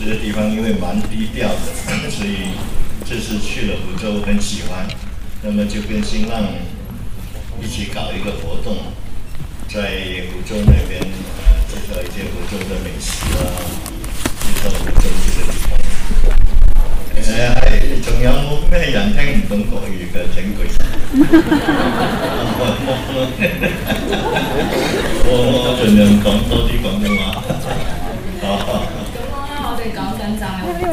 這個地方因為蠻低調的，所以這次去了福州，我很喜歡。那麼就跟新浪一起搞一個活動，在福州那邊，呃，介紹一些福州的美食啊。介紹福州這個地方。誒、哎、係，仲有冇咩人聽唔懂國語嘅整句？ 我我我我盡量講多啲咁嘅話。好。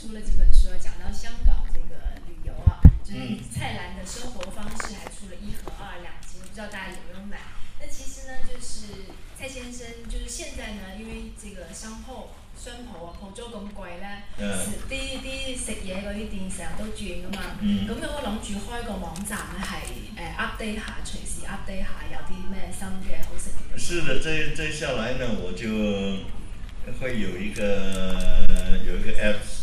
出了幾本書，講到香港這個旅遊啊，就是蔡瀾的生活方式，還出了一和二兩集，不知道大家有沒有買？那其實呢，就是蔡先生，就是現在呢，因為這個商鋪、商鋪啊，鋪租咁貴呢，嗯，是啲啲食嘢啲店成日都轉噶嘛，嗯，咁我諗住開個網站，係誒 update 下，隨時 update 下有啲咩新嘅好食嘅嘢。是的，這接下來呢，我就會有一個有一個 app。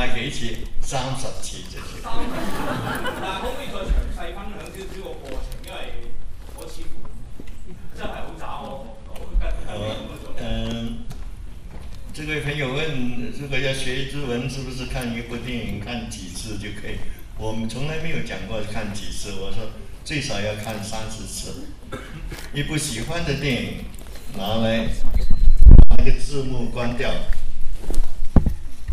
嗌幾次？三十次啫，就是。但少少個過程，因為我似乎真係好渣喎。我嗯，這位朋友問，如果要學日文，是不是看一部電影看幾次就可以？我們從來沒有講過看幾次。我說最少要看三十次。一部喜歡的電影，拿來，把那個字幕關掉。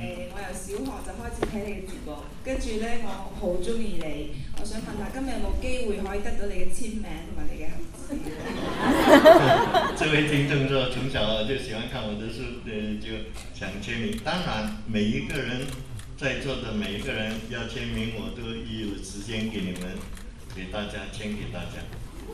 哎，我由小學就開始睇你嘅直播，跟住咧我好中意你，我想問下今日有冇機會可以得到你嘅簽名同埋你嘅合照。 這位聽眾說，從小就喜歡看我的書，就想簽名。當然，每一個人，在座的每一個人要簽名，我都有時間給你們，給大家簽給大家。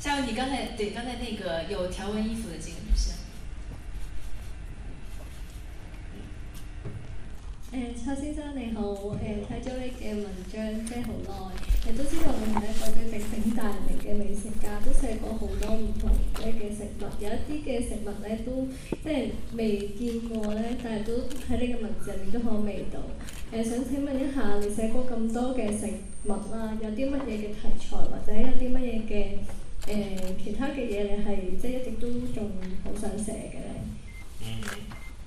下位，你剛才對，剛才那個有條紋衣服的這個女士。誒，蔡先生你好，誒睇咗你嘅文章咧好耐，誒都知道你係一個非常鼎鼎大名嘅美食家，都寫過好多唔同嘅嘅食物，有一啲嘅食物咧都即係未見過咧，但係都喺你嘅文字入面都好味道。誒，想請問一下，你寫過咁多嘅食物啊，有啲乜嘢嘅題材或者有啲乜嘢嘅？誒其他嘅嘢，你係即係一直都仲好想寫嘅咧？嗯，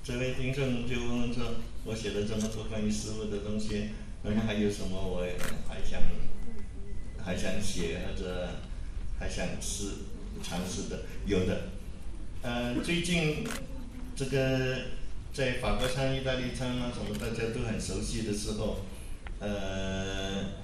這位聽眾就問問說，我寫了這麼多關於食物的東西好像，嗯、還有什麼我也很還想還想寫或者還想試嘗試的，有的。嗯、呃、最近這個在法國餐意大利餐啊，什麼大家都很熟悉的時候，嗯、呃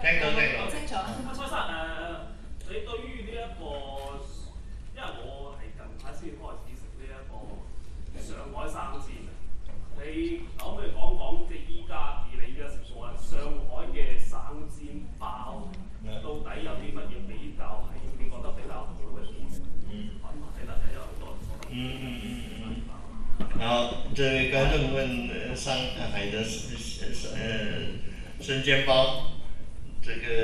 聽到聽到。阿蔡生誒，你對於呢一個，因為我係近排先開始食呢一個上海生煎啊，你可唔可以講講即係依家，而你依家食過上海嘅生煎包，到底有啲乜嘢比較係你覺得比較好嘅點？嗯嗯嗯嗯。然後，有位觀眾問上海嘅生生誒生煎包。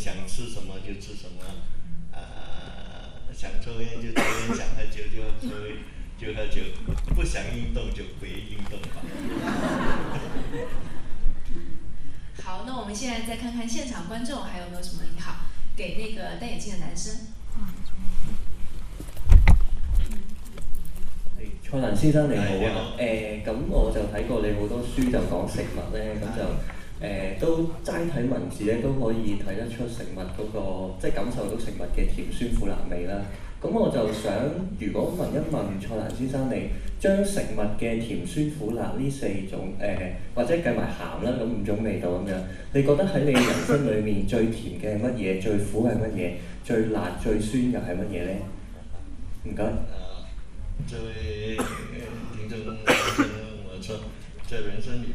想吃什麼就吃什麼，呃、想抽煙就抽煙， 想喝酒就喝，就喝酒，不想運動就別運動吧。 好，那我們現在再看看現場觀眾還有沒有什麼？你好，給那個戴眼鏡的男生。哎、蔡瀾先生你好，啊、你好，誒、呃，咁我就睇過你好多書，就講食物咧，咁就。誒、呃、都齋睇文字咧，都可以睇得出食物嗰、那個，即係感受到食物嘅甜酸苦辣味啦。咁我就想，如果問一問蔡瀾先生，你將食物嘅甜酸苦辣呢四種誒、呃，或者計埋鹹啦，咁五種味道咁樣，你覺得喺你人生裏面最甜嘅係乜嘢？最苦係乜嘢？最辣、最酸又係乜嘢呢？唔該、啊。最、呃、 人生裏面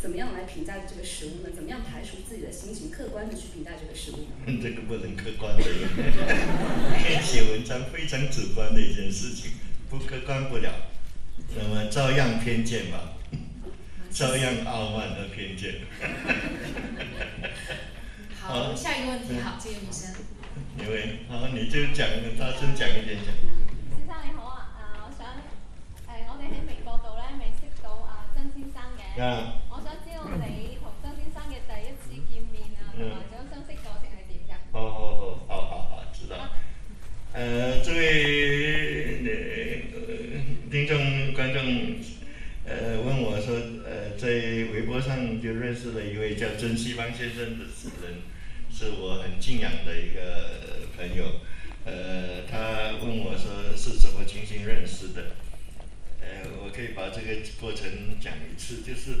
怎麼樣來評價這個食物呢？怎麼樣排除自己的心情，客觀的去評價這個食物呢？這個不能客觀的，寫 文章非常主觀的一件事情，不客觀不了，那麼照樣偏見吧， 照樣傲慢和偏見。 好，好下一個問題，好，這位女生。哪位，好，你就講，大聲講一點講。先生你好啊，呃、我想，誒、呃，我哋喺微博度咧，咪識到、呃、曾啊曾先生嘅。你同曾先生嘅第一次見面啊，同埋相識過程係點噶？好好好，好好好，知道。誒、呃，這位啲、呃、聽眾觀眾，誒、呃，問我說，誒、呃，在微博上就認識了一位叫曾希邦先生嘅人，是我很敬仰嘅一個朋友。誒、呃，他問我說，係什麼情形認識的？誒、呃，我可以把這個過程講一次，就是。